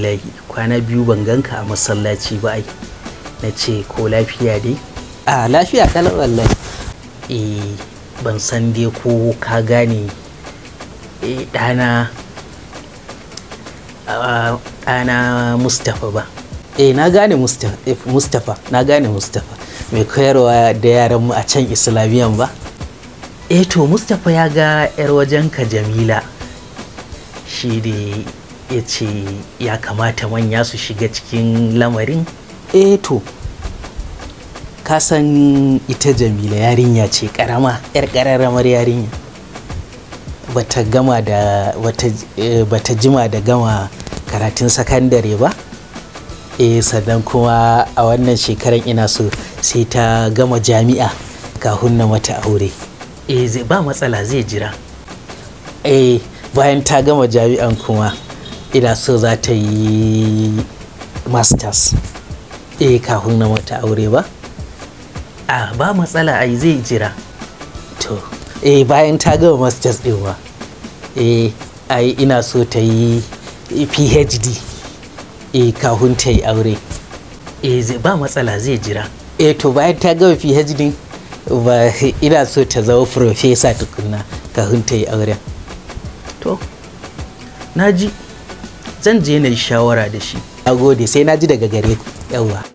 lahi kwana biyu ban ganka a masallaci ba ai na ce ko lafiya dai a lafiya kalau wallahi eh ban san dai ko ka gane eh dana ana ah, mustapha ba eh na gane mustapha eh, na gane mustafa mai koyarwa da yaran mu a can islamiyan ba eh to mustafa ya ga 'yar wajenka jamila shi dai ya ce ya kamata manya su shiga cikin lamarin? eh to ka san ita jamila yarinya ce karama yar kararramar yarinya bata gama eh, jima da gama karatun sakandare ba E sannan kuma a wannan shekaran ina so sai ta gama jami'a kafin na mata aure eh ba matsala zai jira E bayan ta gama jami'an kuma ina so za ta yi masters eh kafin na mata aure ba a ba matsala ai zai jira to eh bayan ta gama masters din ba eh ai ina so ta yi phd eh kafin ta yi aure eh ba matsala zai jira eh to bayan ta gama phd ba ina so ta zama professor tukunna kafin ta yi auren to na ji zan je na yi shawara da shi a gode sai na ji daga gare ku yawwa